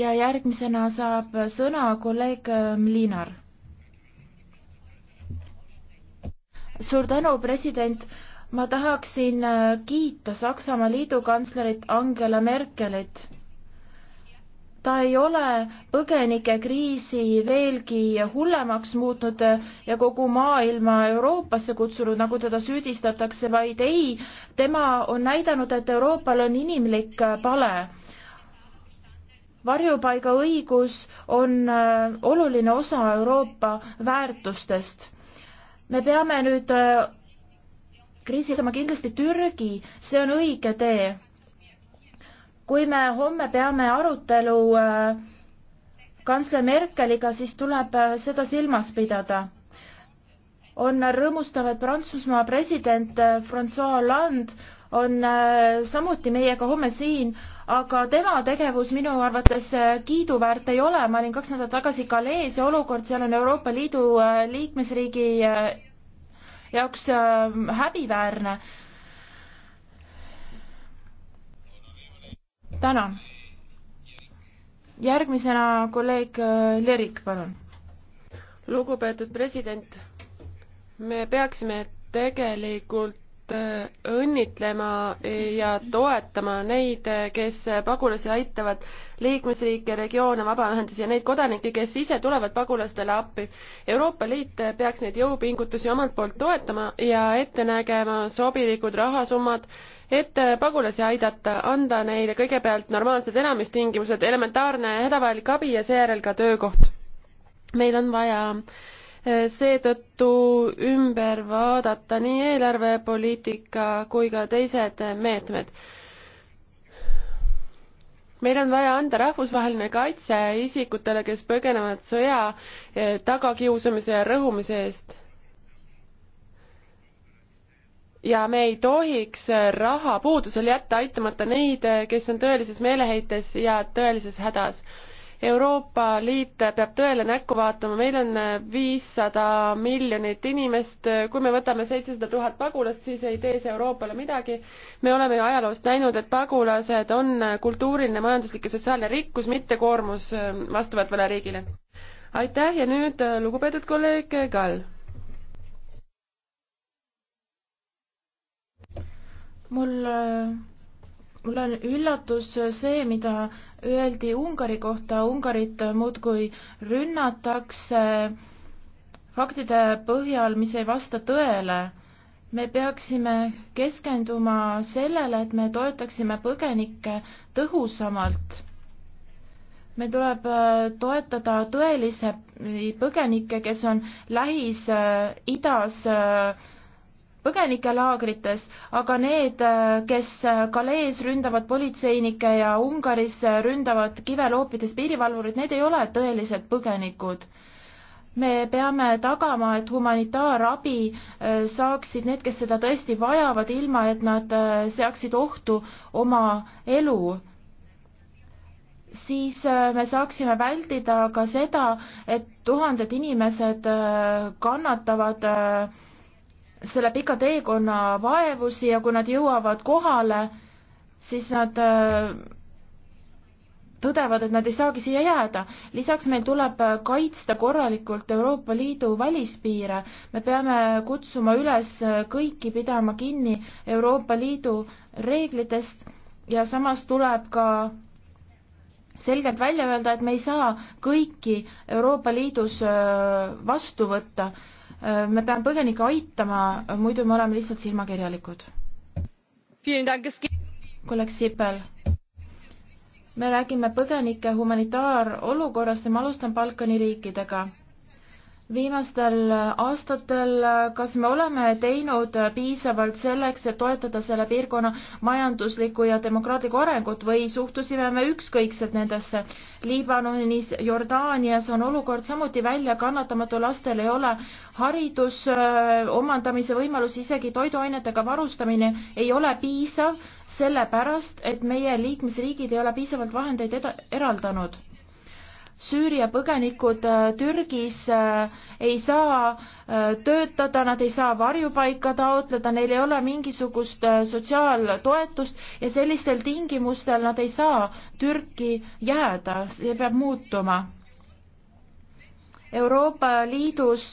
ja järgmisena saab sõna kolleeg Mlinar. Ähm, suur tänu, president. ma tahaksin äh, kiita Saksamaa liidukantslerit Angela Merkelit. ta ei ole põgenikekriisi veelgi hullemaks muutnud ja kogu maailma Euroopasse kutsunud, nagu teda süüdistatakse, vaid ei, tema on näidanud, et Euroopal on inimlik pale varjupaigaõigus on äh, oluline osa Euroopa väärtustest. me peame nüüd äh, kriisi saama kindlasti Türgi, see on õige tee. kui me homme peame arutelu äh, kantsler Merkeliga, siis tuleb seda silmas pidada. on rõõmustav, et Prantsusmaa president Francois Hollande on samuti meiega homme siin, aga tema tegevus minu arvates äh, kiiduväärt ei ole, ma olin kaks nädalat tagasi Galees ja olukord seal on Euroopa Liidu äh, liikmesriigi äh, jaoks häbiväärne. tänan. järgmisena kolleeg Lerik, palun. lugupeetud president, me peaksime tegelikult Äh, õnnitlema ja toetama neid, äh, kes pagulasi aitavad, liikmesriike, regioone, vabaühendusi ja neid kodanikke, kes ise tulevad pagulastele appi. Euroopa Liit peaks neid jõupingutusi omalt poolt toetama ja ette nägema sobilikud rahasummad, et äh, pagulasi aidata, anda neile kõigepealt normaalsed elamistingimused, elementaarne hädavajalik abi ja seejärel ka töökoht. meil on vaja äh, seetõttu ümber vaadata nii eelarvepoliitika kui ka teised meetmed meil on vaja anda rahvusvaheline kaitse isikutele, kes põgenevad sõja eh, tagakiusamise ja rõhumise eest. ja me ei tohiks rahapuudusel jätta aitamata neid, eh, kes on tõelises meeleheites ja tõelises hädas Euroopa Liit peab tõele näkku vaatama, meil on viissada miljonit inimest, kui me võtame seitsesada tuhat pagulast, siis ei tee see Euroopale midagi. me oleme ju ajaloost näinud, et pagulased on kultuuriline, majanduslik ja sotsiaalne rikkus, mitte koormus vastuvõtvale riigile. aitäh ja nüüd lugupeetud kolleeg Kall. mul mul on üllatus see, mida öeldi Ungari kohta, Ungarit muudkui rünnatakse faktide põhjal, mis ei vasta tõele. me peaksime keskenduma sellele, et me toetaksime põgenikke tõhusamalt. meil tuleb äh, toetada tõelisi põgenikke, kes on Lähis-Idas äh, põgenikelaagrites, aga need, kes Galees ründavad politseinikke ja Ungaris ründavad kiveloopides piirivalvurid, need ei ole tõelised põgenikud. me peame tagama, et humanitaarabi äh, saaksid need, kes seda tõesti vajavad, ilma et nad äh, seaksid ohtu oma elu siis äh, me saaksime vältida ka seda, et tuhanded inimesed kannatavad äh, selle pika teekonna vaevusi ja kui nad jõuavad kohale, siis nad äh, tõdevad, et nad ei saagi siia jääda. lisaks meil tuleb äh, kaitsta korralikult Euroopa Liidu välispiire. me peame kutsuma üles äh, kõiki pidama kinni Euroopa Liidu reeglitest ja samas tuleb ka selgelt välja öelda, et me ei saa kõiki Euroopa Liidus vastu võtta me peame põgenikke aitama, muidu me oleme lihtsalt silmakirjalikud. kolleeg Sipel me räägime põgenike humanitaarolukorrast ja ma alustan Balkani riikidega viimastel aastatel, kas me oleme teinud piisavalt selleks, et toetada selle piirkonna majanduslikku ja demokraatlikku arengut või suhtusime me ükskõikselt nendesse? Liibanonis, Jordaanias on olukord samuti välja kannatamatu, lastel ei ole hariduse omandamise võimalusi, isegi toiduainetega varustamine ei ole piisav, sellepärast et meie liikmesriigid ei ole piisavalt vahendeid eda-, eraldanud Süüria põgenikud äh, Türgis äh, ei saa äh, töötada, nad ei saa varjupaika taotleda, neil ei ole mingisugust sotsiaaltoetust ja sellistel tingimustel nad ei saa Türki jääda, see peab muutuma. Euroopa Liidus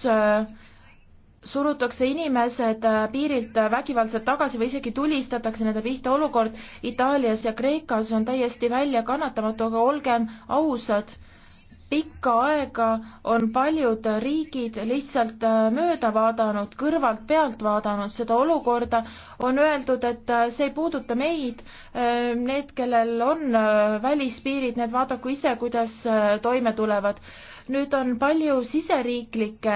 surutakse inimesed piirilt vägivaldselt tagasi või isegi tulistatakse nende pihta olukord Itaalias ja Kreekas on täiesti väljakannatamatu, aga olgem ausad pikka aega on paljud riigid lihtsalt äh, mööda vaadanud, kõrvalt pealt vaadanud seda olukorda, on öeldud, et äh, see ei puuduta meid, äh, need, kellel on välispiirid, need vaadaku ise, kuidas toime tulevad. nüüd on palju siseriiklikke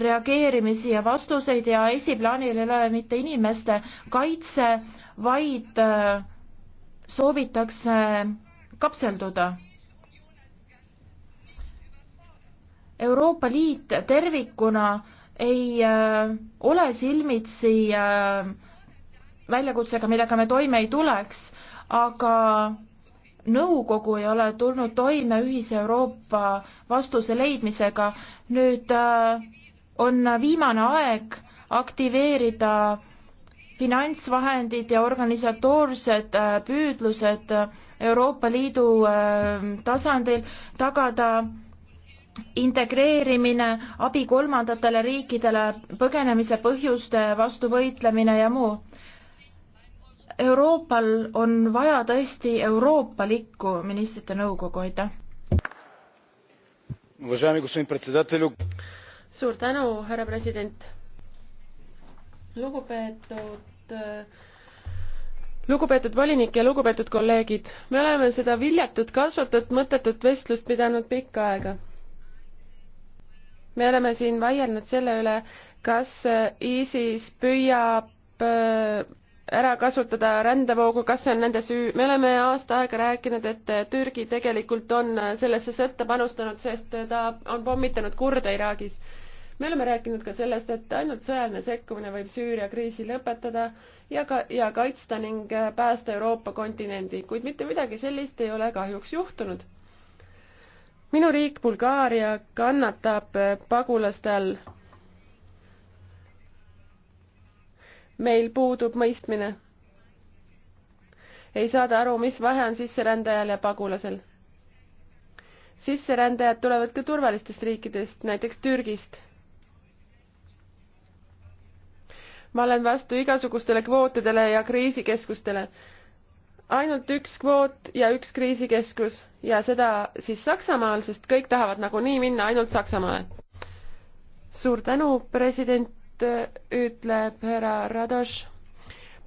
reageerimisi ja vastuseid ja esiplaanil ei ole mitte inimeste kaitse, vaid soovitakse kapselduda Euroopa Liit tervikuna ei äh, ole silmitsi äh, väljakutsega, millega me toime ei tuleks, aga nõukogu ei ole tulnud toime ühise Euroopa vastuse leidmisega. nüüd äh, on viimane aeg aktiveerida finantsvahendid ja organisatoorsed äh, püüdlused Euroopa Liidu äh, tasandil tagada integreerimine, abi kolmandatele riikidele, põgenemise põhjuste vastu võitlemine ja muu. Euroopal on vaja tõesti euroopalikku ministrite nõukogu, aitäh. suur tänu, härra president. lugupeetud äh, lugupeetud volinik ja lugupeetud kolleegid, me oleme seda viljatut, kasvatut, mõttetut vestlust pidanud pikka aega me oleme siin vaielnud selle üle, kas ISIS püüab äh, ära kasutada rändevoogu, kas see on nende süü, me oleme aasta aega rääkinud, et Türgi tegelikult on sellesse sõtta panustanud, sest ta on pommitanud kurde Iraagis. me oleme rääkinud ka sellest, et ainult sõjaline sekkumine võib Süüria kriisi lõpetada ja ka, ja kaitsta ning päästa Euroopa kontinendi, kuid mitte midagi sellist ei ole kahjuks juhtunud minu riik Bulgaaria kannatab äh, pagulaste all. meil puudub mõistmine. ei saada aru, mis vahe on sisserändajal ja pagulasel. sisserändajad tulevad ka turvalistest riikidest, näiteks Türgist ma olen vastu igasugustele kvootidele ja kriisikeskustele ainult üks kvoot ja üks kriisikeskus ja seda siis Saksamaal, sest kõik tahavad nagunii minna ainult Saksamaale. suur tänu, president, ütleb härra Radoš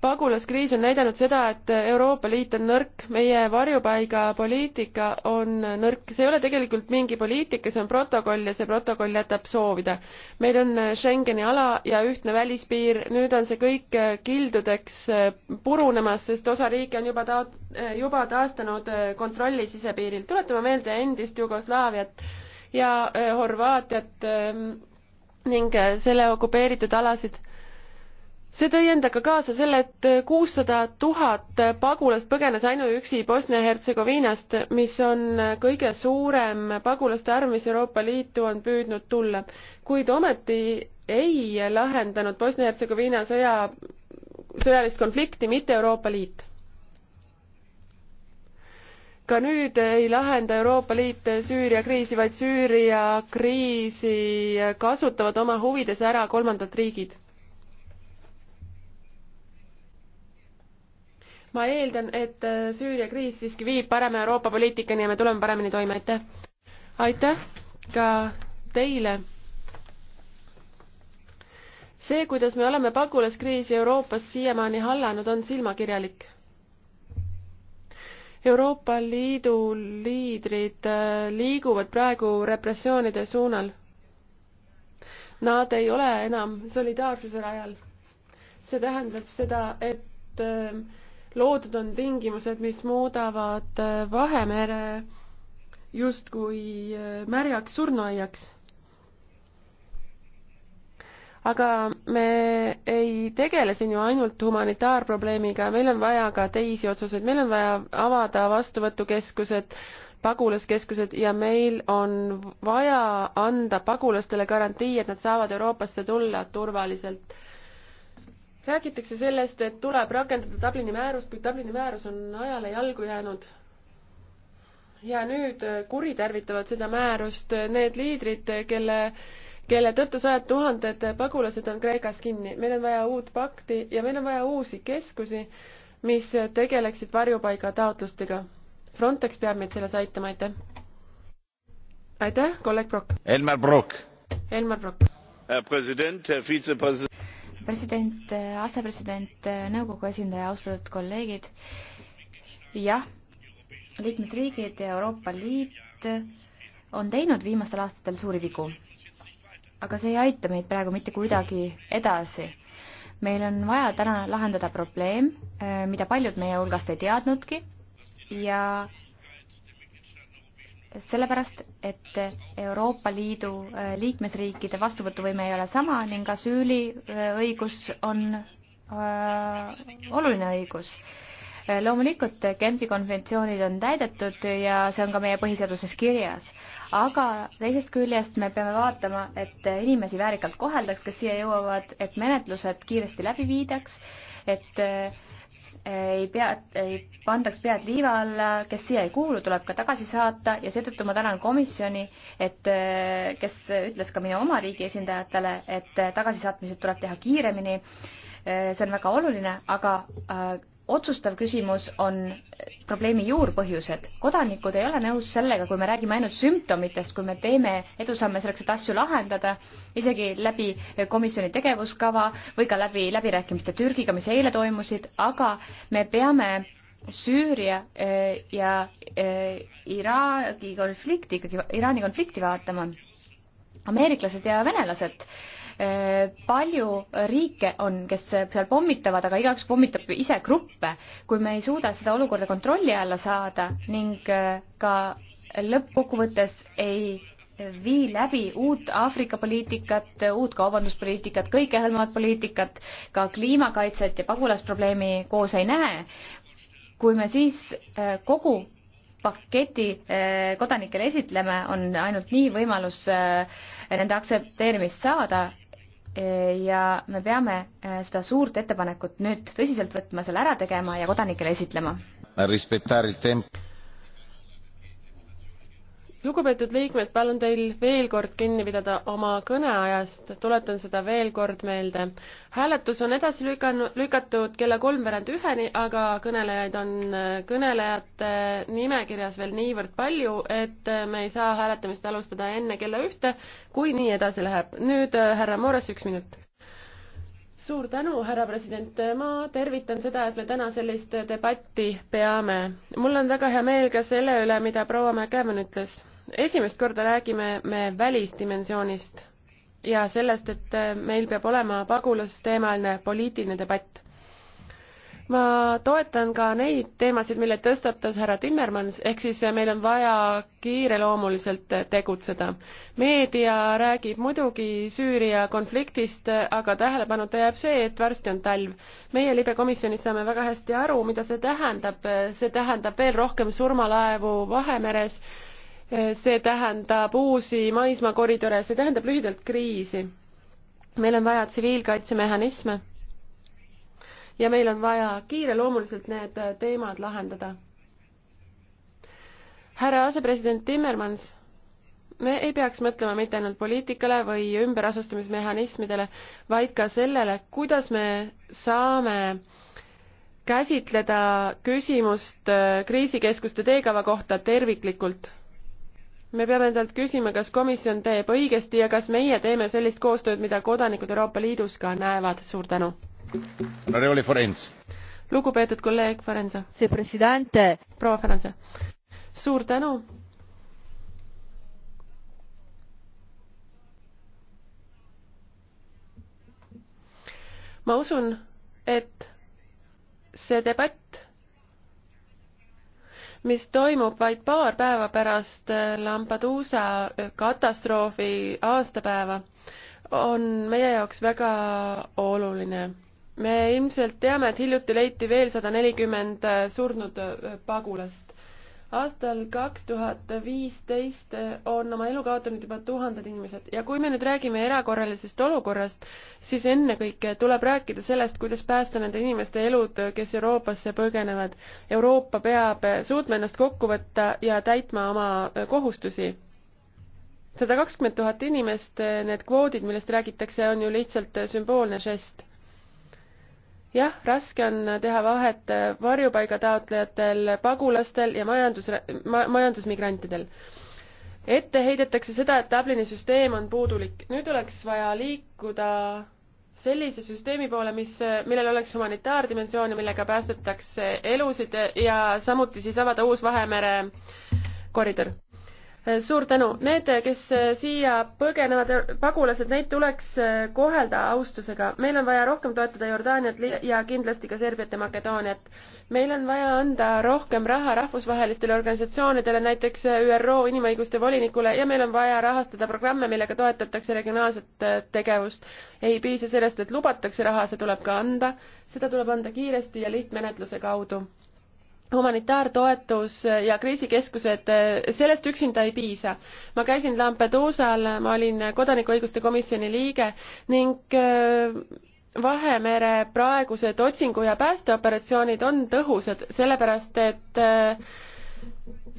pagulaskriis on näidanud seda, et Euroopa Liit on nõrk, meie varjupaigapoliitika on nõrk, see ei ole tegelikult mingi poliitika, see on protokoll ja see protokoll jätab soovida. meil on Schengeni ala ja ühtne välispiir, nüüd on see kõik kildudeks purunemas, sest osa riike on juba taot-, juba taastanud kontrolli sisepiiril. tuletame meelde endist Jugoslaaviat ja Horvaatiat ehm, ning selle okupeeritud alasid see tõi endaga kaasa selle, et kuussada tuhat pagulast põgenes ainuüksi Bosnia-Hertsegoviinast, mis on kõige suurem pagulaste arv, mis Euroopa Liitu on püüdnud tulla. kuid ometi ei lahendanud Bosnia-Hertsegoviina sõja, sõjalist konflikti mitte Euroopa Liit. ka nüüd ei lahenda Euroopa Liit Süüria kriisi, vaid Süüria kriisi kasutavad oma huvides ära kolmandad riigid ma eeldan, et äh, Süüria kriis siiski viib parema Euroopa poliitikani ja me tuleme paremini toime, aitäh! aitäh ka teile! see, kuidas me oleme pagulaskriisi Euroopas siiamaani hallanud, on silmakirjalik. Euroopa Liidu liidrid äh, liiguvad praegu repressioonide suunal. Nad ei ole enam solidaarsuse rajal. see tähendab seda, et äh, loodud on tingimused, mis muudavad äh, Vahemere justkui äh, märjaks surnuaiaks. aga me ei tegele siin ju ainult humanitaarprobleemiga, meil on vaja ka teisi otsuseid, meil on vaja avada vastuvõtukeskused, pagulaskeskused ja meil on vaja anda pagulastele garantii, et nad saavad Euroopasse tulla turvaliselt räägitakse sellest, et tuleb rakendada Dublini määrust, kuid Dublini määrus on ajale jalgu jäänud. ja nüüd äh, kuritarvitavad seda määrust äh, need liidrid, kelle, kelle tõttu sajad tuhanded äh, pagulased on Kreekas kinni. meil on vaja uut pakti ja meil on vaja uusi keskusi, mis tegeleksid varjupaigataotlustega. Frontex peab meid selles aitama, aitäh! aitäh, kolleeg Brock! Elmar Brock! Elmar Brock! Herr Präsident, Herr Vizepräsident! president, asepresident, nõukogu esindaja, austatud kolleegid. jah, liikmesriigid ja Euroopa Liit on teinud viimastel aastatel suuri vigu. aga see ei aita meid praegu mitte kuidagi edasi meil on vaja täna lahendada probleem, mida paljud meie hulgast ei teadnudki ja sellepärast, et Euroopa Liidu äh, liikmesriikide vastuvõtuvõime ei ole sama ning asüüliõigus äh, on äh, oluline õigus. loomulikult Genfi konventsioonid on täidetud ja see on ka meie põhiseaduses kirjas, aga teisest küljest me peame vaatama, et inimesi väärikalt koheldaks, kes siia jõuavad, et menetlused kiiresti läbi viidaks, et äh, ei pea, ei pandaks pead liiva alla, kes siia ei kuulu, tuleb ka tagasi saata ja seetõttu ma tänan komisjoni, et eh, kes ütles ka minu oma riigi esindajatele, et tagasisaatmised tuleb teha kiiremini. Eh, see on väga oluline, aga eh, otsustav küsimus on probleemi juurpõhjused. kodanikud ei ole nõus sellega, kui me räägime ainult sümptomitest, kui me teeme edusamme selleks, et asju lahendada, isegi läbi komisjoni tegevuskava või ka läbi läbirääkimiste Türgiga, mis eile toimusid, aga me peame Süüria eh, ja eh, Iraagi konflikti ikkagi, Iraani konflikti vaatama. ameeriklased ja venelased äh, Äh, palju riike on, kes seal pommitavad, aga igaüks pommitab ise gruppe. kui me ei suuda seda olukorda kontrolli alla saada ning äh, ka lõppkokkuvõttes ei vii läbi uut Aafrika poliitikat, uut kaubanduspoliitikat, kõikehõlmavat poliitikat, ka kliimakaitset ja pagulasprobleemi koos ei näe. kui me siis äh, kogu paketi kodanikele esitleme, on ainult nii võimalus nende aktsepteerimist saada ja me peame äh, seda suurt ettepanekut nüüd tõsiselt võtma, selle ära tegema ja kodanikele esitlema lugupeetud liikmed, palun teil veel kord kinni pidada oma kõneajast, tuletan seda veel kord meelde. hääletus on edasi lükanud, lükatud kella kolmveerand üheni, aga kõnelejaid on äh, kõnelejate nimekirjas veel niivõrd palju, et äh, me ei saa hääletamist alustada enne kella ühte, kui nii edasi läheb. nüüd äh, härra Moores, üks minut suur tänu, härra president, ma tervitan seda, et me täna sellist debatti peame. mul on väga hea meel ka selle üle, mida proua McEwan ütles. esimest korda räägime me välisdimensioonist ja sellest, et meil peab olema pagulasteemaline poliitiline debatt ma toetan ka neid teemasid, mille tõstatas härra Timmermans, ehk siis meil on vaja kiireloomuliselt tegutseda. meedia räägib muidugi Süüria konfliktist, aga tähelepanuta jääb see, et varsti on talv. meie libekomisjonis saame väga hästi aru, mida see tähendab, see tähendab veel rohkem surmalaevu Vahemeres, see tähendab uusi maismaakoridore, see tähendab lühidalt kriisi. meil on vaja tsiviilkaitsemehhanisme ja meil on vaja kiireloomuliselt need teemad lahendada. härra asepresident Timmermans, me ei peaks mõtlema mitte ainult poliitikale või ümberasustamismehhanismidele, vaid ka sellele, kuidas me saame käsitleda küsimust kriisikeskuste teekava kohta terviklikult me peame endalt küsima, kas komisjon teeb õigesti ja kas meie teeme sellist koostööd, mida kodanikud Euroopa Liidus ka näevad. suur tänu! lugupeetud kolleeg Ferenza. proua Ferenza, suur tänu. ma usun, et see debatt, mis toimub vaid paar päeva pärast Lampeduusa katastroofi aastapäeva, on meie jaoks väga oluline me ilmselt teame, et hiljuti leiti veel sada nelikümmend äh, surnud äh, pagulast. aastal kaks tuhat viisteist äh, on oma elu kaotanud juba tuhanded inimesed ja kui me nüüd räägime erakorralisest olukorrast, siis ennekõike tuleb rääkida sellest, kuidas päästa nende inimeste elud, kes Euroopasse põgenevad. Euroopa peab suutma ennast kokku võtta ja täitma oma kohustusi sada kakskümmend tuhat inimest, need kvoodid, millest räägitakse, on ju lihtsalt sümboolne žest jah, raske on teha vahet varjupaigataotlejatel, pagulastel ja majandus ma,, majandusmigrantidel. ette heidetakse seda, et Dublini süsteem on puudulik. nüüd oleks vaja liikuda sellise süsteemi poole, mis, millel oleks humanitaardimensioon ja millega päästetakse elusid ja samuti siis avada uus Vahemere koridor suur tänu. Need, kes äh, siia põgenevad, äh, pagulased, neid tuleks äh, kohelda austusega. meil on vaja rohkem toetada Jordaaniat ja kindlasti ka Serbiat ja Makedooniat. meil on vaja anda rohkem raha rahvusvahelistele organisatsioonidele, näiteks ÜRO inimõiguste volinikule ja meil on vaja rahastada programme, millega toetatakse regionaalset tegevust. ei piisa sellest, et lubatakse raha, see tuleb ka anda. seda tuleb anda kiiresti ja lihtmenetluse kaudu humanitaartoetus ja kriisikeskused, sellest üksinda ei piisa. ma käisin Lampeduusal, ma olin kodanikuõiguste komisjoni liige ning äh, Vahemere praegused otsingu- ja päästeoperatsioonid on tõhusad, sellepärast et äh,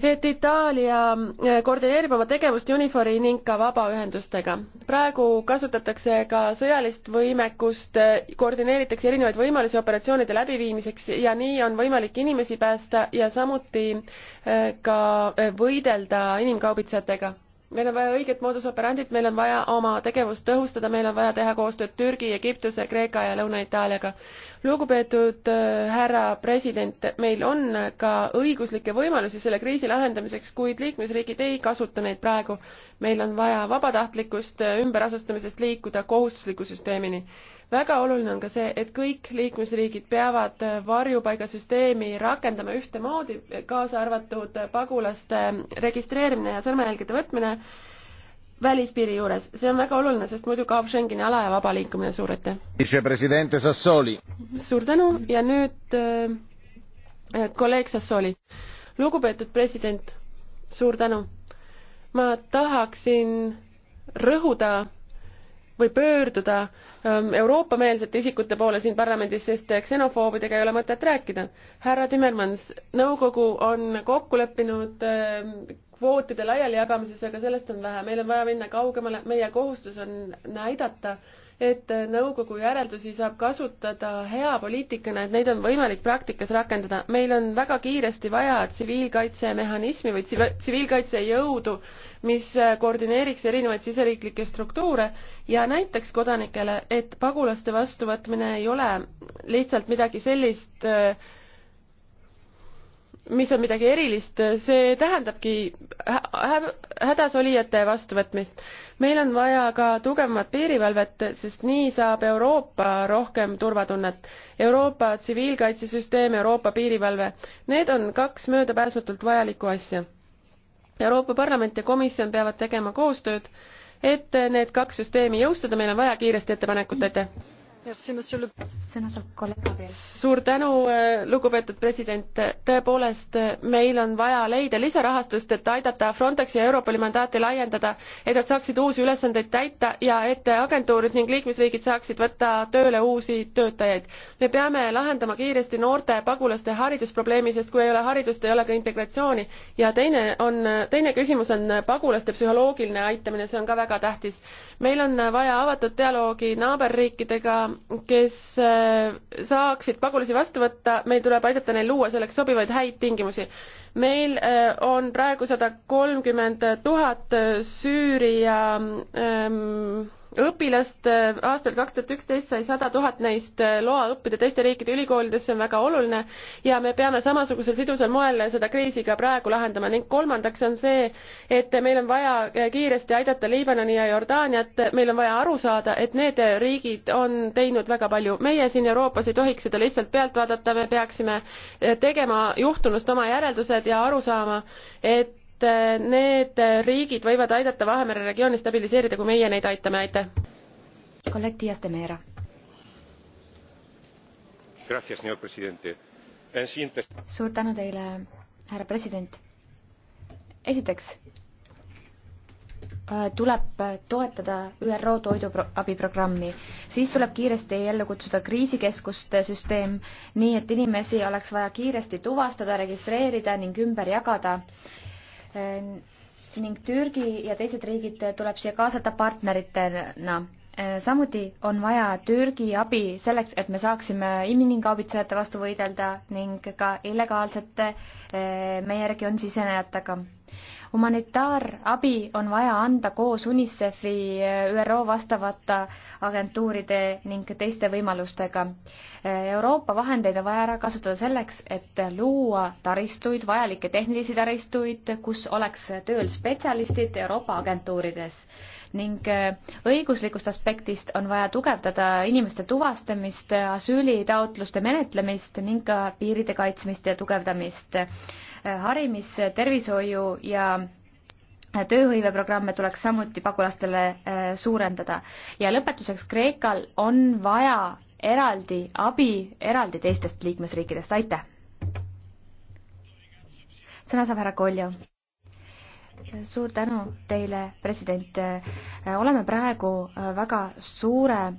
et Itaalia eh, koordineerib oma tegevust UNIFOR-i ning ka vabaühendustega. praegu kasutatakse ka sõjalist võimekust, eh, koordineeritakse erinevaid võimalusi operatsioonide läbiviimiseks ja nii on võimalik inimesi päästa ja samuti eh, ka võidelda inimkaubitsejatega meil on vaja õiget modus operandit, meil on vaja oma tegevust tõhustada, meil on vaja teha koostööd Türgi, Egiptuse, Kreeka ja Lõuna-Itaaliaga. lugupeetud äh, härra president, meil on ka õiguslikke võimalusi selle kriisi lahendamiseks, kuid liikmesriigid ei kasuta neid praegu. meil on vaja vabatahtlikust äh, ümberasustamisest liikuda kohustusliku süsteemini väga oluline on ka see, et kõik liikmesriigid peavad varjupaigasüsteemi rakendama ühtemoodi, kaasa arvatud pagulaste registreerimine ja sõrmejälgede võtmine välispiiri juures. see on väga oluline, sest muidu kaob Schengeni ala ja vaba liikumine, suur aitäh! suur tänu ja nüüd äh, kolleeg Sassoli. lugupeetud president, suur tänu! ma tahaksin rõhuda või pöörduda ähm, Euroopa-meelsete isikute poole siin parlamendis, sest äh, ksenofoobidega ei ole mõtet rääkida. härra Timmermans, nõukogu on kokku leppinud ähm, kvootide laialijagamises, aga sellest on vähe, meil on vaja minna kaugemale, meie kohustus on näidata, et nõukogu järeldusi saab kasutada hea poliitikana, et neid on võimalik praktikas rakendada. meil on väga kiiresti vaja tsiviilkaitsemehhanismi või tsiviilkaitsejõudu, mis koordineeriks erinevaid siseriiklikke struktuure ja näitaks kodanikele, et pagulaste vastuvõtmine ei ole lihtsalt midagi sellist, mis on midagi erilist, see tähendabki hädasolijate vastuvõtmist. meil on vaja ka tugevamat piirivalvet, sest nii saab Euroopa rohkem turvatunnet. Euroopa tsiviilkaitsesüsteem, Euroopa piirivalve, need on kaks möödapääsmatult vajalikku asja. Euroopa Parlament ja Komisjon peavad tegema koostööd, et need kaks süsteemi jõustada, meil on vaja kiiresti ettepanekut, aitäh! suur tänu äh, lugupeetud president tõepoolest äh, meil on vaja leida lisarahastust et aidata frontexi ja europoli mandaati laiendada et nad saaksid uusi ülesandeid täita ja et agentuurid ning liikmesriigid saaksid võtta tööle uusi töötajaid me peame lahendama kiiresti noorte pagulaste haridusprobleemi sest kui ei ole haridust ei ole ka integratsiooni ja teine on teine küsimus on pagulaste psühholoogiline aitamine see on ka väga tähtis meil on vaja avatud dialoogi naaberriikidega kes äh, saaksid pagulasi vastu võtta, meil tuleb aidata neil luua selleks sobivaid häid tingimusi. meil äh, on praegu sada kolmkümmend tuhat äh, Süüria ähm, õpilast äh, aastal kaks tuhat üksteist sai sada tuhat neist äh, loa õppida teiste riikide ülikoolides, see on väga oluline ja me peame samasugusel sidusal moel seda kriisi ka praegu lahendama ning kolmandaks on see, et meil on vaja äh, kiiresti aidata Liibanoni ja Jordaaniat, meil on vaja aru saada, et need riigid on teinud väga palju. meie siin Euroopas ei tohiks seda lihtsalt pealt vaadata, me peaksime tegema juhtunust oma järeldused ja aru saama, et Äh, need äh, riigid võivad aidata Vahemere regiooni stabiliseerida, kui meie neid aitame, aitäh. kolleeg Dias de Meera. suur tänu teile, härra president. esiteks äh, tuleb toetada ÜRO toiduabiprogrammi, siis tuleb kiiresti ellu kutsuda kriisikeskuste süsteem, nii et inimesi oleks vaja kiiresti tuvastada, registreerida ning ümber jagada Äh, ning Türgi ja teised riigid tuleb siia kaasata partneritena. Äh, samuti on vaja Türgi abi selleks, et me saaksime inimkaubitsejate vastu võidelda ning ka illegaalsete äh, meie regiooni sisenejatega humanitaarabi on vaja anda koos UNICEF-i, ÜRO vastavate agentuuride ning teiste võimalustega. Euroopa vahendeid on vaja ära kasutada selleks, et luua taristuid, vajalikke tehnilisi taristuid, kus oleks tööl spetsialistid Euroopa agentuurides ning õiguslikust aspektist on vaja tugevdada inimeste tuvastamist, asüülitaotluste menetlemist ning ka piiride kaitsmist ja tugevdamist harimis, tervishoiu ja tööhõiveprogramme tuleks samuti pagulastele äh, suurendada. ja lõpetuseks, Kreekal on vaja eraldi abi, eraldi teistest liikmesriikidest, aitäh! sõna saab härra Koljo. suur tänu teile, president. Äh, oleme praegu äh, väga suure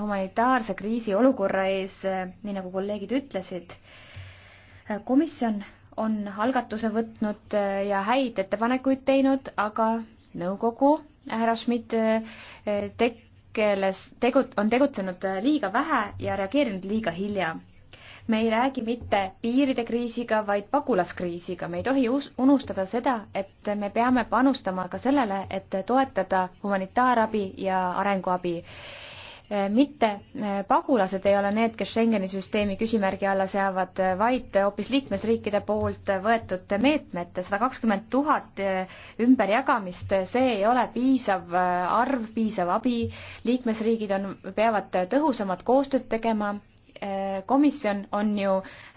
humanitaarse kriisi olukorra ees, nii nagu kolleegid ütlesid. komisjon on algatuse võtnud äh, ja häid ettepanekuid teinud, aga nõukogu härra Schmidt äh, tegeles, tegut-, on tegutsenud äh, liiga vähe ja reageerinud liiga hilja. me ei räägi mitte piiride kriisiga, vaid pagulaskriisiga, me ei tohi us-, unustada seda, et me peame panustama ka sellele, et toetada humanitaarabi ja arenguabi Äh, mitte äh, pagulased ei ole need, kes Schengeni süsteemi küsimärgi alla seavad, äh, vaid hoopis liikmesriikide poolt võetud meetmed, sada kakskümmend tuhat ümberjagamist, see ei ole piisav arv, piisav abi, liikmesriigid on, peavad tõhusamat koostööd tegema, komisjon on ju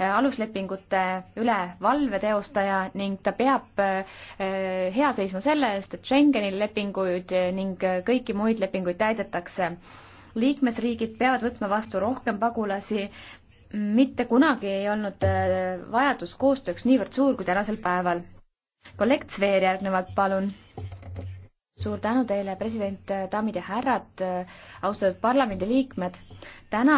aluslepingute üle valve teostaja ning ta peab hea seisma selle eest, et Schengeni lepinguid ning kõiki muid lepinguid täidetakse liikmesriigid peavad võtma vastu rohkem pagulasi, mitte kunagi ei olnud äh, vajadus koostööks niivõrd suur kui tänasel päeval. kolleeg Zver järgnevalt, palun. suur tänu teile, president, äh, daamid ja härrad, äh, austatud parlamendiliikmed. täna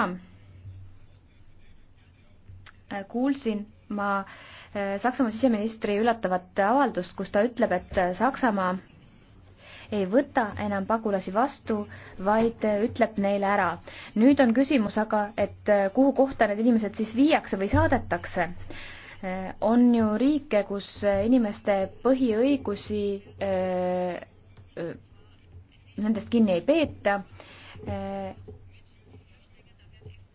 kuulsin ma Saksamaa siseministri üllatavat avaldust, kus ta ütleb, et Saksamaa ei võta enam pagulasi vastu, vaid ütleb neile ära. nüüd on küsimus aga, et kuhu kohta need inimesed siis viiakse või saadetakse on ju riike, kus inimeste põhiõigusi äh, äh, nendest kinni ei peeta äh,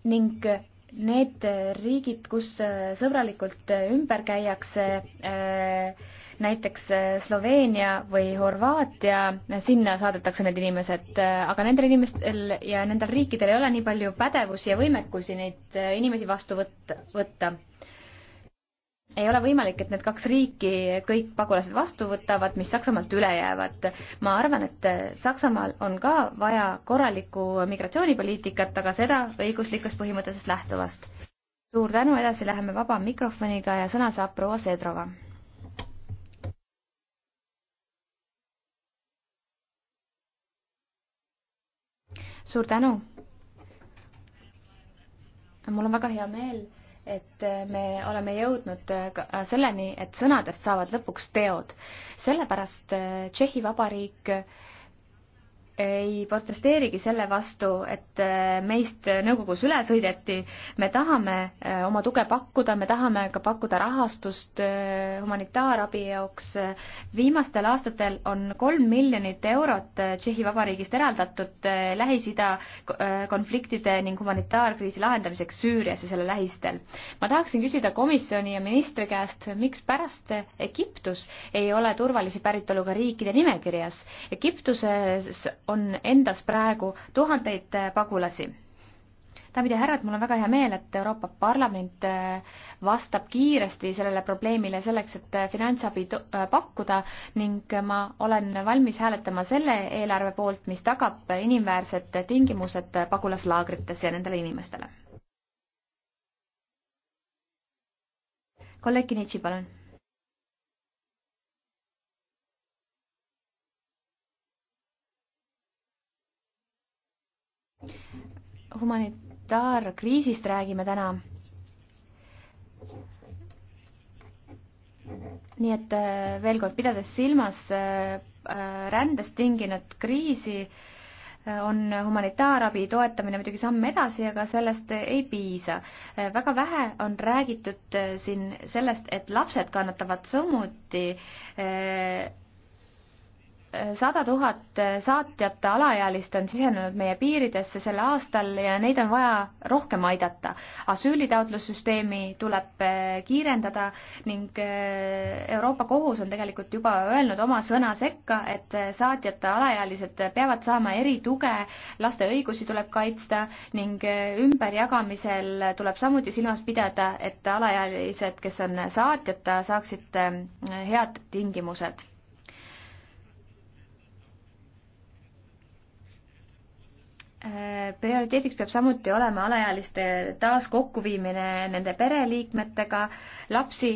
ning need riigid, kus sõbralikult ümber käiakse, näiteks eh, Sloveenia või Horvaatia, eh, sinna saadetakse need inimesed, eh, aga nendel inimestel ja nendel riikidel ei ole nii palju pädevusi ja võimekusi neid inimesi vastu võtta, võtta. ei ole võimalik, et need kaks riiki kõik pagulased vastu võtavad, mis Saksamaalt üle jäävad. ma arvan, et Saksamaal on ka vaja korralikku migratsioonipoliitikat, aga seda õiguslikest põhimõtetest lähtuvast. suur tänu, edasi läheme vaba mikrofoniga ja sõna saab proua Sedrova suur tänu! mul on väga hea meel, et me oleme jõudnud selleni, et sõnadest saavad lõpuks teod. sellepärast Tšehhi Vabariik ei protesteerigi selle vastu, et äh, meist nõukogus üle sõideti. me tahame äh, oma tuge pakkuda, me tahame ka pakkuda rahastust äh, humanitaarabi jaoks. viimastel aastatel on kolm miljonit eurot Tšehhi Vabariigist eraldatud Lähis-Ida konfliktide ning humanitaarkriisi lahendamiseks Süürias ja selle lähistel. ma tahaksin küsida komisjoni ja ministri käest, mikspärast Egiptus ei ole turvalise päritoluga riikide nimekirjas. Egiptuses on endas praegu tuhandeid äh, pagulasi. daamid ja härrad, mul on väga hea meel, et Euroopa Parlament äh, vastab kiiresti sellele probleemile selleks, et äh, finantsabi pakkuda ning ma olen valmis hääletama selle eelarve poolt, mis tagab inimväärsed tingimused pagulaslaagrites ja nendele inimestele. kolleeg Kinitši, palun humanitaarkriisist räägime täna. nii et äh, veel kord, pidades silmas äh, äh, rändest tinginud kriisi, on humanitaarabi toetamine muidugi samm edasi, aga sellest ei piisa. väga vähe on räägitud siin sellest, et lapsed kannatavad samuti sada tuhat saatjat alaealist on sisenenud meie piiridesse sel aastal ja neid on vaja rohkem aidata. asüülitaotlussüsteemi tuleb eh, kiirendada ning eh, Euroopa Kohus on tegelikult juba öelnud oma sõna sekka, et eh, saatjate alaealised peavad saama erituge, laste õigusi tuleb kaitsta ning ümberjagamisel tuleb samuti silmas pidada, et alaealised, kes on saatjata, saaksid head tingimused prioriteediks peab samuti olema alaealiste taaskokkuviimine nende pereliikmetega, lapsi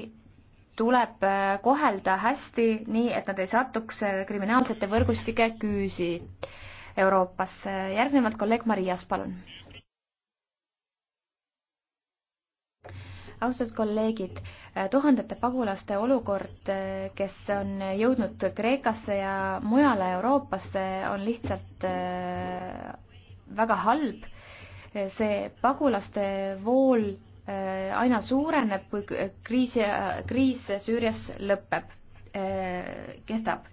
tuleb äh, kohelda hästi, nii et nad ei satuks äh, kriminaalsete võrgustike küüsi Euroopasse. järgnevalt kolleeg Marias, palun. austatud kolleegid, äh, tuhandete pagulaste olukord, kes on jõudnud Kreekasse ja mujale Euroopasse, on lihtsalt väga halb. see pagulaste vool äh, aina suureneb, kui kriis, kriis Süürias lõpeb, äh, kestab.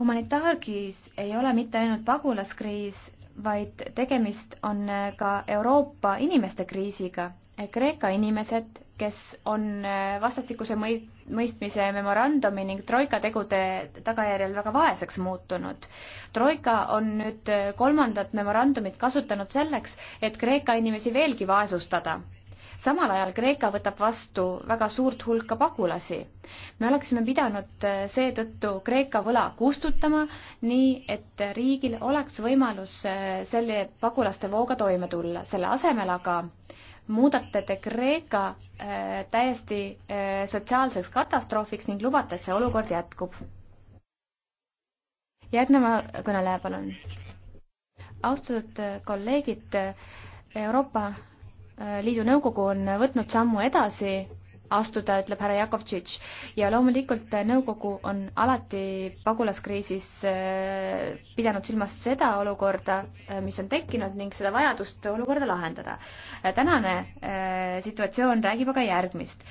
humanitaarkriis ei ole mitte ainult pagulaskriis, vaid tegemist on äh, ka Euroopa inimeste kriisiga Kreeka inimesed, kes on äh, vastastikuse mõistmise memorandumi ning troika tegude tagajärjel väga vaeseks muutunud. troika on nüüd äh, kolmandat memorandumit kasutanud selleks, et Kreeka inimesi veelgi vaesustada samal ajal Kreeka võtab vastu väga suurt hulka pagulasi. me oleksime pidanud äh, seetõttu Kreeka võla kustutama, nii et riigil oleks võimalus äh, selle pagulaste vooga toime tulla, selle asemel aga muudate te Kreeka äh, täiesti sotsiaalseks katastroofiks ning lubate, et see olukord jätkub. järgneva kõneleja, palun. austatud kolleegid, Euroopa Äh, liidu nõukogu on võtnud sammu edasi astuda, ütleb härra Jakovtšitš. ja loomulikult äh, nõukogu on alati pagulaskriisis äh, pidanud silmas seda olukorda, mis on tekkinud ning seda vajadust olukorda lahendada. tänane situatsioon räägib aga järgmist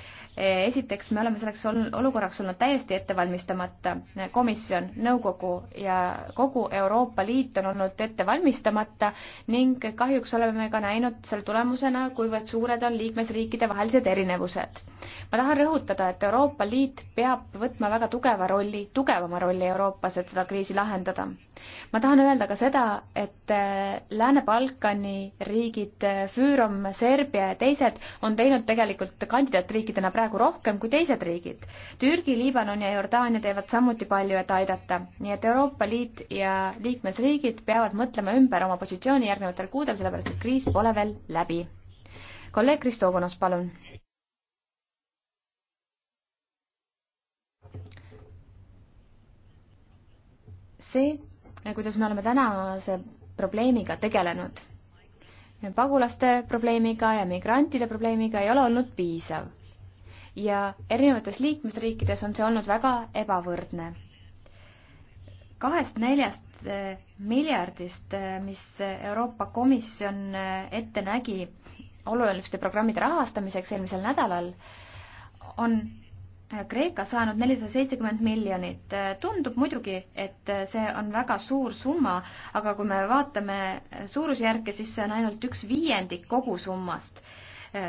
esiteks, me oleme selleks ol-, olukorraks olnud täiesti ettevalmistamata. komisjon, nõukogu ja kogu Euroopa Liit on olnud ettevalmistamata ning kahjuks oleme ka näinud selle tulemusena, kuivõrd suured on liikmesriikide vahelised erinevused ma tahan rõhutada, et Euroopa Liit peab võtma väga tugeva rolli, tugevama rolli Euroopas, et seda kriisi lahendada. ma tahan öelda ka seda, et äh, Lääne-Balkani riigid, äh, Füürom, Serbia ja teised on teinud tegelikult kandidaatriikidena praegu rohkem kui teised riigid. Türgi, Liibanon ja Jordaania teevad samuti palju, et aidata. nii et Euroopa Liit ja liikmesriigid peavad mõtlema ümber oma positsiooni järgnevatel kuudel, sellepärast et kriis pole veel läbi. kolleeg Kristo Konos, palun see, kuidas me oleme tänase probleemiga tegelenud. pagulaste probleemiga ja migrantide probleemiga ei ole olnud piisav. ja erinevates liikmesriikides on see olnud väga ebavõrdne. kahest neljast eh, miljardist, eh, mis Euroopa Komisjon eh, ette nägi oluliste programmide rahastamiseks eelmisel nädalal, on Äh, Kreeka saanud nelisada seitsekümmend miljonit. Äh, tundub muidugi, et äh, see on väga suur summa, aga kui me vaatame suurusjärke, siis see on ainult üks viiendik kogusummast.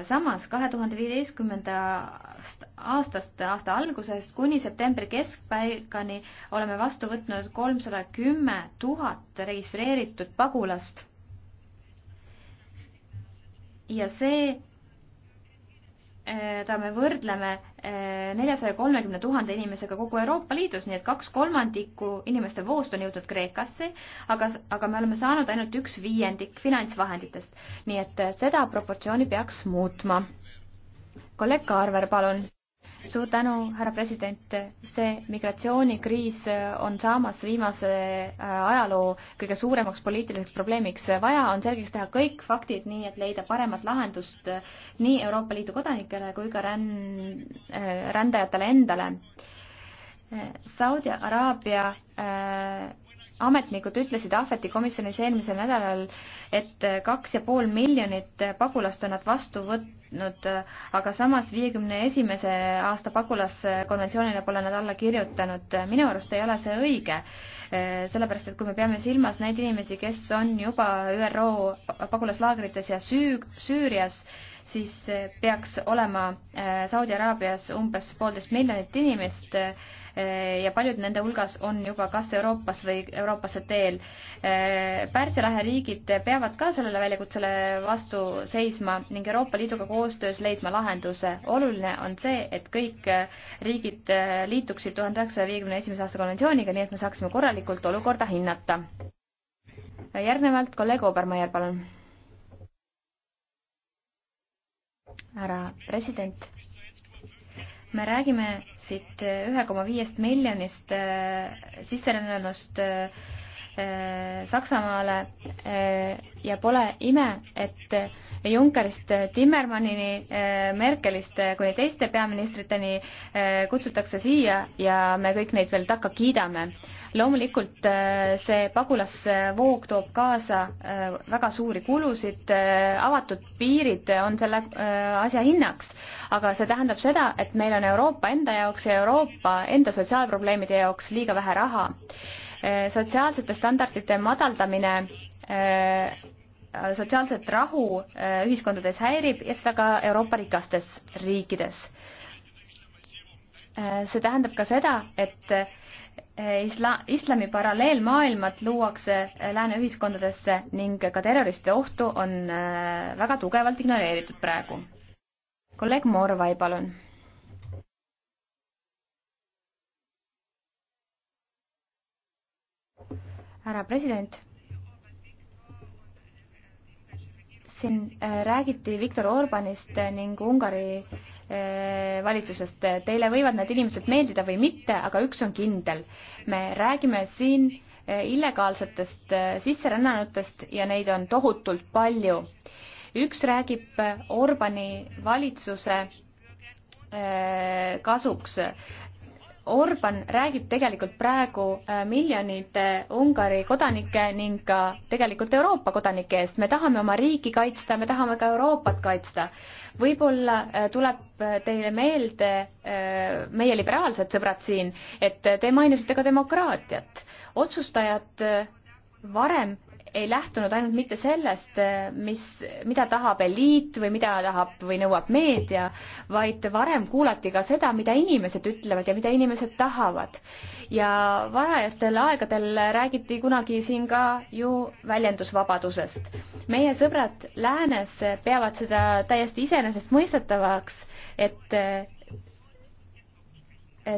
samas kahe tuhande viieteistkümnendast aastast, aasta algusest kuni septembri keskpaigani oleme vastu võtnud kolmsada kümme tuhat registreeritud pagulast. ja see Äh, ta me võrdleme äh, neljasaja kolmekümne tuhande inimesega kogu Euroopa Liidus, nii et kaks kolmandikku inimeste voost on jõudnud Kreekasse, aga, aga me oleme saanud ainult üks viiendik finantsvahenditest. nii et äh, seda proportsiooni peaks muutma. kolleeg Kaarver, palun suur tänu, härra president. see migratsioonikriis on saamas viimase äh, ajaloo kõige suuremaks poliitiliseks probleemiks. vaja on selgeks teha kõik faktid, nii et leida paremat lahendust äh, nii Euroopa Liidu kodanikele kui ka ränn-, äh, rändajatele endale. Saudi Araabia ametnikud ütlesid Ahveti komisjonis eelmisel nädalal, et kaks ja pool miljonit pagulast on nad vastu võtnud, aga samas viiekümne esimese aasta pagulaskonventsioonile pole nad alla kirjutanud. minu arust ei ole see õige, sellepärast et kui me peame silmas neid inimesi, kes on juba ÜRO pagulaslaagrites ja Süü-, Süürias, siis peaks olema äh, Saudi Araabias umbes poolteist miljonit inimest ja paljud nende hulgas on juba kas Euroopas või Euroopasse teel. Pärsia lahe riigid peavad ka sellele väljakutsele vastu seisma ning Euroopa Liiduga koostöös leidma lahenduse. oluline on see, et kõik riigid liituksid tuhande üheksasaja viiekümne esimese aasta konventsiooniga, nii et me saaksime korralikult olukorda hinnata. järgnevalt kolleeg Obermeier, palun härra president, me räägime siit äh, ühe koma viiest miljonist äh, sisserännanust äh, Saksamaale ja pole ime, et Junckerist Timmermannini, Merkelist kuni teiste peaministriteni kutsutakse siia ja me kõik neid veel takka kiidame. loomulikult see pagulasvoog toob kaasa väga suuri kulusid, avatud piirid on selle asja hinnaks, aga see tähendab seda, et meil on Euroopa enda jaoks ja Euroopa enda sotsiaalprobleemide jaoks liiga vähe raha. Äh, sotsiaalsete standardite madaldamine äh, sotsiaalset rahu äh, ühiskondades häirib ja seda ka Euroopa rikastes riikides. see tähendab ka seda, et isla-, islami paralleelmaailmad luuakse lääne ühiskondadesse ning ka terroristide ohtu on väga tugevalt ignoreeritud praegu kolleeg Morvai, palun. härra president siin äh, räägiti Viktor Orbanist ning Ungari äh, valitsusest. Teile võivad need inimesed meeldida või mitte, aga üks on kindel. me räägime siin äh, illegaalsetest sisserännanutest ja neid on tohutult palju üks räägib äh, Orbani valitsuse äh, kasuks. Orban räägib tegelikult praegu äh, miljonite Ungari kodanike ning ka tegelikult Euroopa kodanike eest. me tahame oma riiki kaitsta, me tahame ka Euroopat kaitsta. võib-olla tuleb teile meelde, meie liberaalsed sõbrad siin, et te mainisite ka demokraatiat. otsustajad varem ei lähtunud ainult mitte sellest, eh, mis, mida tahab eliit või mida tahab või nõuab meedia, vaid varem kuulati ka seda, mida inimesed ütlevad ja mida inimesed tahavad. ja varajastel aegadel räägiti kunagi siin ka ju väljendusvabadusest. meie sõbrad läänes peavad seda täiesti iseenesestmõistetavaks, et eh,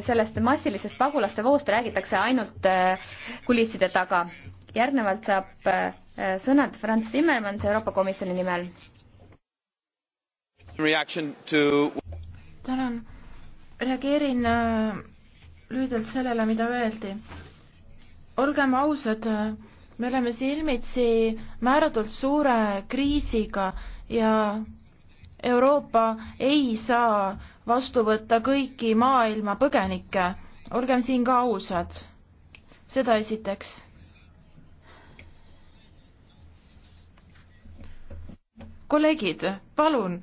sellest massilisest pagulaste voost räägitakse ainult eh, kulisside taga järgnevalt saab äh, sõnad Franz Timmermans Euroopa Komisjoni nimel. To... tänan, reageerin äh, lühidalt sellele, mida öeldi. olgem ausad, äh, me oleme silmitsi määratult suure kriisiga ja Euroopa ei saa vastu võtta kõiki maailma põgenikke, olgem siin ka ausad. seda esiteks kolleegid, palun,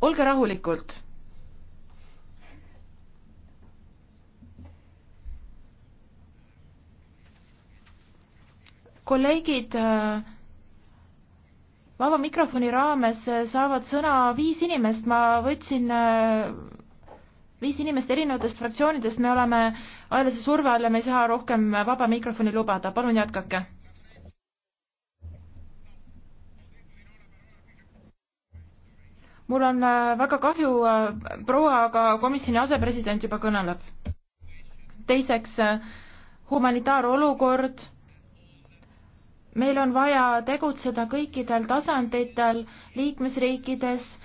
olge rahulikult. kolleegid, äh, vaba mikrofoni raames äh, saavad sõna viis inimest, ma võtsin äh, viis inimest erinevatest fraktsioonidest, me oleme ajalise surve all ja me ei saa rohkem vaba mikrofoni lubada, palun jätkake mul on äh, väga kahju, äh, proua, aga komisjoni asepresident juba kõneleb. teiseks, äh, humanitaarolukord. meil on vaja tegutseda kõikidel tasanditel, liikmesriikides,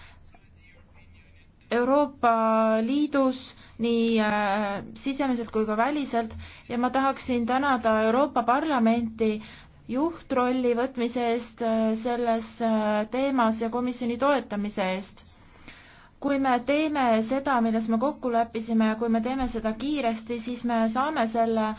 Euroopa Liidus, nii sisemiselt kui ka väliselt ja ma tahaksin tänada Euroopa Parlamenti äh, juhtrolli võtmise eest äh, selles äh, teemas ja komisjoni toetamise eest. kui me teeme seda, milles me kokku leppisime ja kui me teeme seda kiiresti, siis me saame selle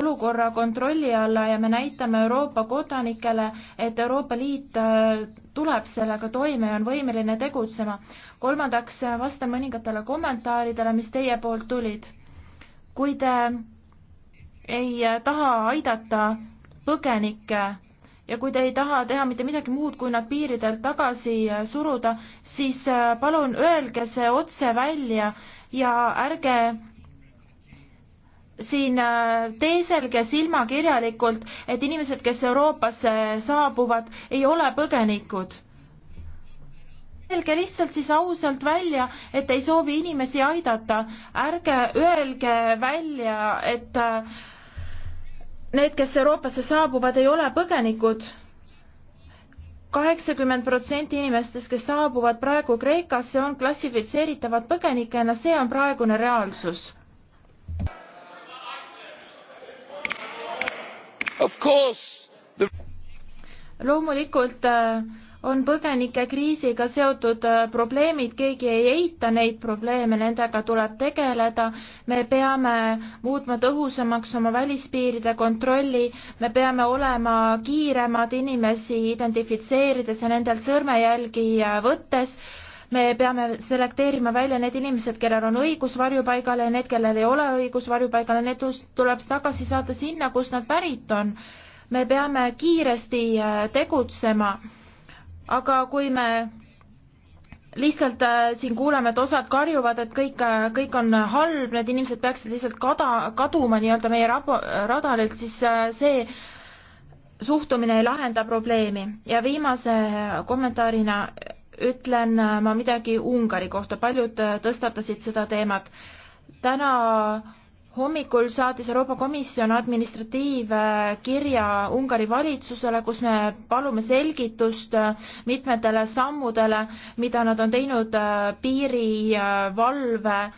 olukorra kontrolli alla ja me näitame Euroopa kodanikele, et Euroopa Liit äh, tuleb sellega toime ja on võimeline tegutsema. kolmandaks vastan mõningatele kommentaaridele, mis teie poolt tulid. kui te ei taha aidata põgenikke ja kui te ei taha teha mitte midagi muud, kui nad piiridelt tagasi äh, suruda, siis äh, palun öelge see otse välja ja ärge siin äh, teeselge silmakirjalikult, et inimesed, kes Euroopasse saabuvad, ei ole põgenikud. Öelge lihtsalt siis ausalt välja, et ei soovi inimesi aidata, ärge öelge välja, et äh, need, kes Euroopasse saabuvad, ei ole põgenikud. kaheksakümmend protsenti inimestest, kes saabuvad praegu Kreekasse, on klassifitseeritavad põgenikena, see on praegune reaalsus. The... loomulikult äh, on põgenikekriisiga seotud äh, probleemid, keegi ei eita neid probleeme, nendega tuleb tegeleda. me peame muutma tõhusamaks oma välispiiride kontrolli, me peame olema kiiremad inimesi identifitseerides ja nendel sõrmejälgi äh, võttes me peame selekteerima välja need inimesed, kellel on õigus varjupaigale ja need, kellel ei ole õigus varjupaigale, need tuleb tagasi saata sinna, kust nad pärit on. me peame kiiresti äh, tegutsema aga kui me lihtsalt äh, siin kuuleme, et osad karjuvad, et kõik, äh, kõik on äh, halb, need inimesed peaksid lihtsalt kada, kaduma nii-öelda meie rabo, radarilt, siis see suhtumine ei lahenda probleemi. ja viimase kommentaarina ütlen ma midagi Ungari kohta, paljud tõstatasid seda teemat. täna hommikul saatis Euroopa Komisjon administratiivkirja Ungari valitsusele, kus me palume selgitust mitmetele sammudele, mida nad on teinud äh, piirivalve äh,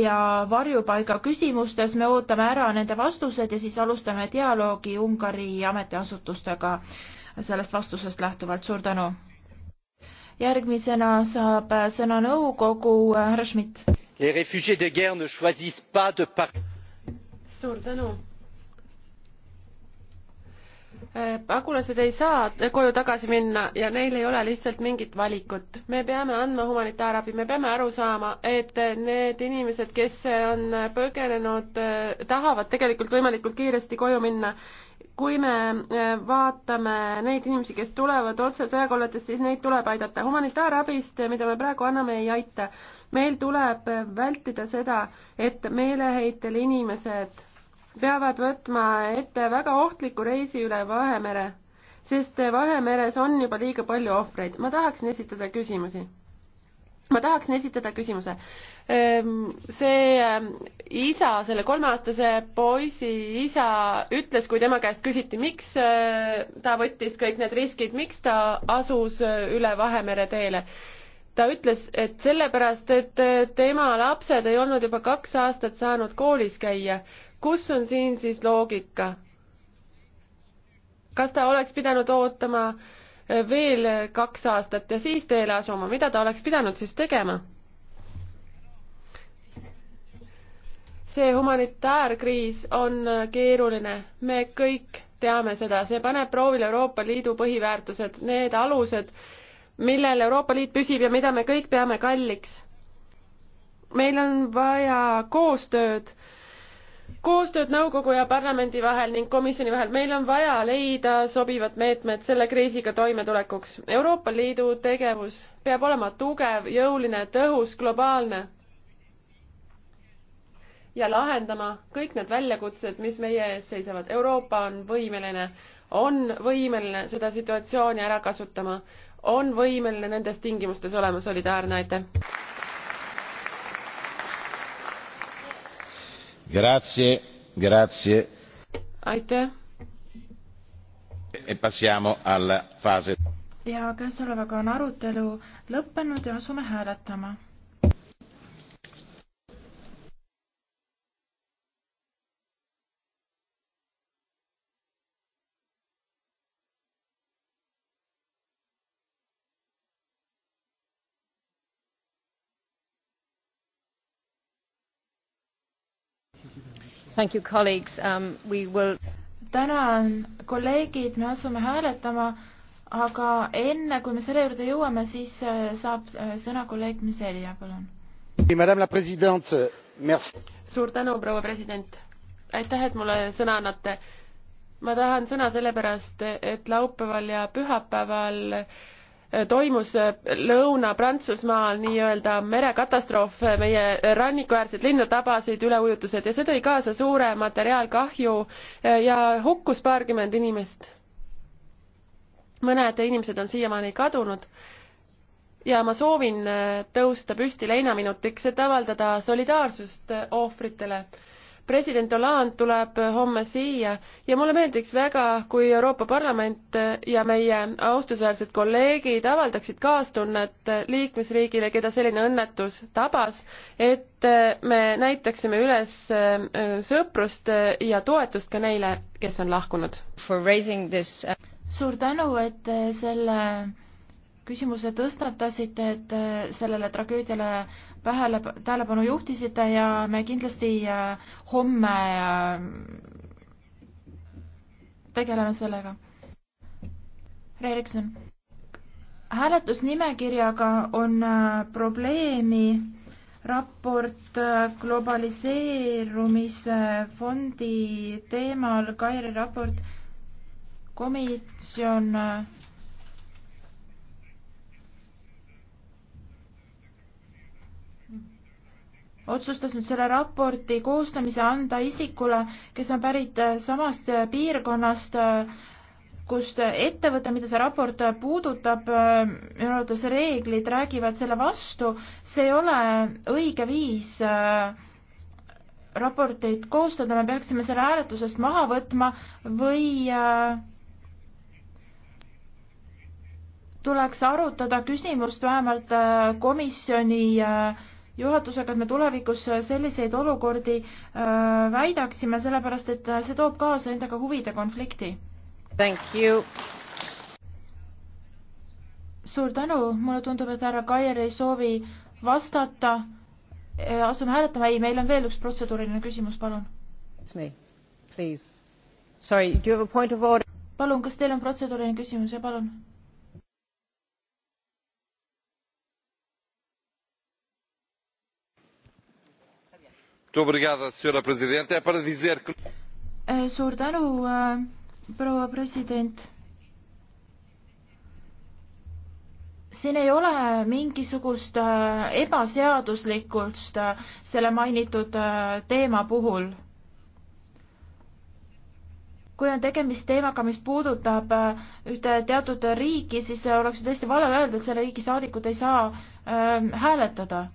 ja varjupaiga küsimustes, me ootame ära nende vastused ja siis alustame dialoogi Ungari ametiasutustega sellest vastusest lähtuvalt, suur tänu! järgmisena saab äh, sõna nõukogu, härra Schmidt. Les réfugiés de guerre ne choisissent pas de partir suur tänu äh, pagulased ei saa koju tagasi minna ja neil ei ole lihtsalt mingit valikut. me peame andma humanitaarabi, me peame aru saama, et äh, need inimesed, kes äh, on põgenenud, tahavad tegelikult võimalikult kiiresti koju minna. kui me vaatame neid inimesi, kes tulevad otse sõjakolletest, siis neid tuleb aidata. humanitaarabist, mida me praegu anname, ei aita. meil tuleb vältida seda, et meeleheitel inimesed peavad võtma ette väga ohtliku reisi üle Vahemere, sest Vahemeres on juba liiga palju ohvreid. ma tahaksin esitada küsimusi. ma tahaksin esitada küsimuse. Ehm, see ehm, isa, selle kolmeaastase poisi isa ütles, kui tema käest küsiti, miks ehm, ta võttis kõik need riskid, miks ta asus üle Vahemere teele ta ütles, et sellepärast, et tema lapsed ei olnud juba kaks aastat saanud koolis käia kus on siin siis loogika? kas ta oleks pidanud ootama äh, veel kaks aastat ja siis teele asuma, mida ta oleks pidanud siis tegema? see humanitaarkriis on äh, keeruline, me kõik teame seda, see paneb proovile Euroopa Liidu põhiväärtused, need alused, millel Euroopa Liit püsib ja mida me kõik peame kalliks. meil on vaja koostööd koostööd nõukogu ja parlamendi vahel ning komisjoni vahel. meil on vaja leida sobivad meetmed selle kriisiga toimetulekuks. Euroopa Liidu tegevus peab olema tugev, jõuline, tõhus, globaalne ja lahendama kõik need väljakutsed, mis meie ees seisavad. Euroopa on võimeline, on võimeline seda situatsiooni ära kasutama, on võimeline nendes tingimustes olema solidaarne, aitäh! Grazie, grazie. aitäh. E passiamo alla fase. ja käesolevaga on arutelu lõppenud ja asume hääletama Um, will... tänan, kolleegid, me asume hääletama, aga enne, kui me selle juurde jõuame, siis äh, saab äh, sõna kolleeg Miselja, palun. suur tänu, proua president. aitäh, et mulle sõna annate. ma tahan sõna sellepärast, et laupäeval ja pühapäeval äh, toimus Lõuna-Prantsusmaal nii-öelda merekatastroof, meie rannikuäärsed linna tabasid üleujutused ja see tõi kaasa suure materiaalkahju ja hukkus paarkümmend inimest. mõned inimesed on siiamaani kadunud ja ma soovin tõusta püsti leinaminutiks, et avaldada solidaarsust ohvritele president Hollande tuleb homme siia ja mulle meeldiks väga, kui Euroopa Parlament ja meie austusväärsed kolleegid avaldaksid kaastunnet liikmesriigile, keda selline õnnetus tabas, et me näitaksime üles äh, sõprust ja toetust ka neile, kes on lahkunud. This... Uh, suur tänu, et äh, selle küsimuse tõstatasite, et äh, sellele tragöödiale pähele, tähelepanu juhtisite ja me kindlasti äh, homme äh, tegeleme sellega. Reerikson, hääletusnimekirjaga on äh, probleemi raport globaliseerumise fondi teemal, Kairi raport, komisjon otsustas nüüd selle raporti koostamise anda isikule, kes on pärit äh, samast äh, piirkonnast, äh, kust ettevõte, mida see raport puudutab, minu arvates reeglid räägivad selle vastu, see ei ole õige viis raporteid koostada, me peaksime selle hääletusest maha võtma või tuleks arutada küsimust vähemalt komisjoni äh, juhatusega, et me tulevikus selliseid olukordi äh, väidaksime, sellepärast et see toob kaasa endaga huvide konflikti. suur tänu, mulle tundub, et härra Kaier ei soovi vastata. Äh, asume hääletama, ei, meil on veel üks protseduuriline küsimus, palun. palun, kas teil on protseduuriline küsimus ja palun Eh, suur tänu, eh, proua president. siin ei ole mingisugust eh, ebaseaduslikkust selle mainitud teema puhul kui on tegemist teemaga, mis puudutab ühte teatud riiki, siis oleks ju täiesti vale öelda, et selle riigi saadikud ei saa äh, hääletada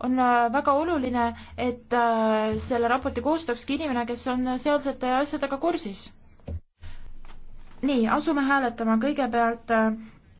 on äh, väga oluline, et äh, selle raporti koostakski inimene, kes on sealsete asjadega kursis. nii, asume hääletama kõigepealt äh,